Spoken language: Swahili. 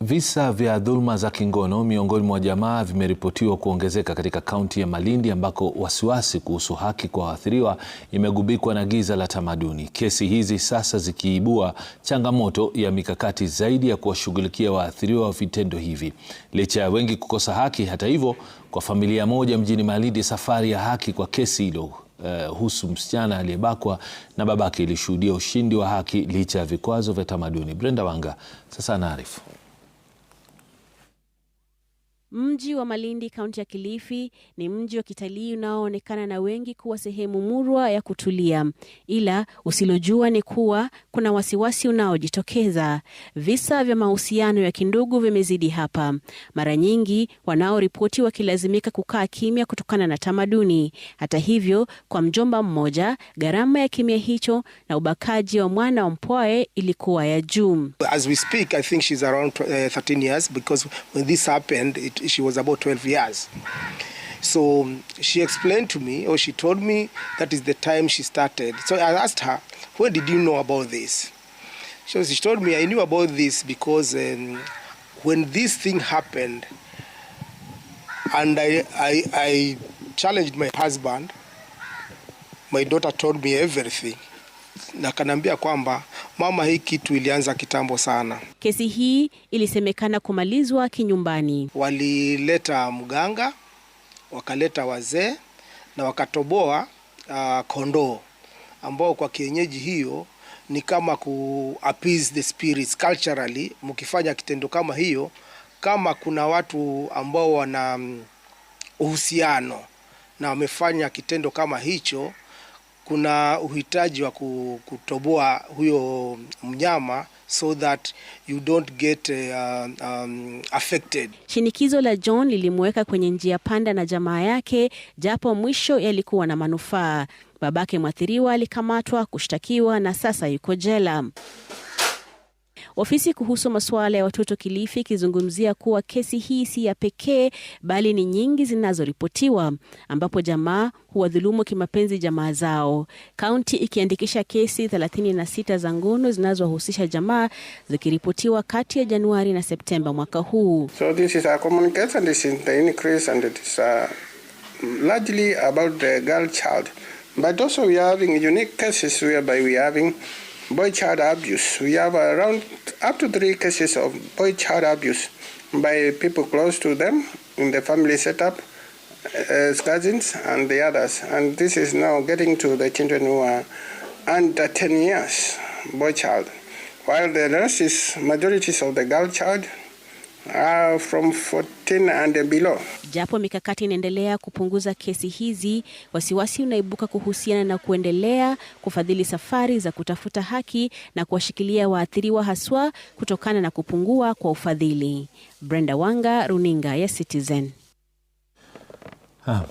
Visa vya dhuluma za kingono miongoni mwa jamaa vimeripotiwa kuongezeka katika kaunti ya Malindi ambako wasiwasi kuhusu haki kwa waathiriwa imegubikwa na giza la tamaduni. Kesi hizi sasa zikiibua changamoto ya mikakati zaidi ya kuwashughulikia waathiriwa wa vitendo hivi. Licha ya wengi kukosa haki, hata hivyo, kwa familia moja mjini Malindi, safari ya haki kwa kesi hilo uh, husu msichana aliyebakwa na babake ilishuhudia ushindi wa haki licha ya vikwazo vya tamaduni. Brenda Wanga sasa anaarifu. Mji wa Malindi, kaunti ya Kilifi, ni mji wa kitalii unaoonekana na wengi kuwa sehemu murwa ya kutulia, ila usilojua ni kuwa kuna wasiwasi unaojitokeza. Visa vya mahusiano ya kindugu vimezidi hapa, mara nyingi wanaoripoti wakilazimika kukaa kimya kutokana na tamaduni. Hata hivyo, kwa mjomba mmoja, gharama ya kimya hicho na ubakaji wa mwana wa mpwae ilikuwa ya juu. As we speak, I think she's around 13 uh, years because when this happened, it she was about 12 years. So she explained to me or she told me that is the time she started. So I asked her, when did you know about this? So she told me I knew about this because um, when this thing happened and I, I, I challenged my husband, my daughter told me everything na kanaambia kwamba mama, hii kitu ilianza kitambo sana. Kesi hii ilisemekana kumalizwa kinyumbani. Walileta mganga, wakaleta wazee na wakatoboa uh, kondoo ambao kwa kienyeji hiyo ni kama ku appease the spirits culturally. Mkifanya kitendo kama hiyo, kama kuna watu ambao wana mm, uhusiano na wamefanya kitendo kama hicho kuna uhitaji wa kutoboa huyo mnyama so that you don't get uh, um, affected. Shinikizo la John lilimweka kwenye njia panda na jamaa yake, japo mwisho yalikuwa na manufaa. Babake mwathiriwa alikamatwa, kushtakiwa na sasa yuko jela. Ofisi kuhusu masuala ya watoto Kilifi ikizungumzia kuwa kesi hii si ya pekee bali ni nyingi zinazoripotiwa ambapo jamaa huwadhulumu kimapenzi jamaa zao, kaunti ikiandikisha kesi 36 za ngono zinazohusisha jamaa zikiripotiwa kati ya Januari na Septemba mwaka huu. So boy child abuse. We have around up to three cases of boy child abuse by people close to them in the family setup, uh, cousins and the others. And this is now getting to the children who are under 10 years, boy child, while the rest is majorities of the girl child Uh, from 14 and below. Japo mikakati inaendelea kupunguza kesi hizi, wasiwasi unaibuka kuhusiana na kuendelea kufadhili safari za kutafuta haki na kuwashikilia waathiriwa haswa kutokana na kupungua kwa ufadhili. Brenda Wanga, Runinga ya Citizen. Ah,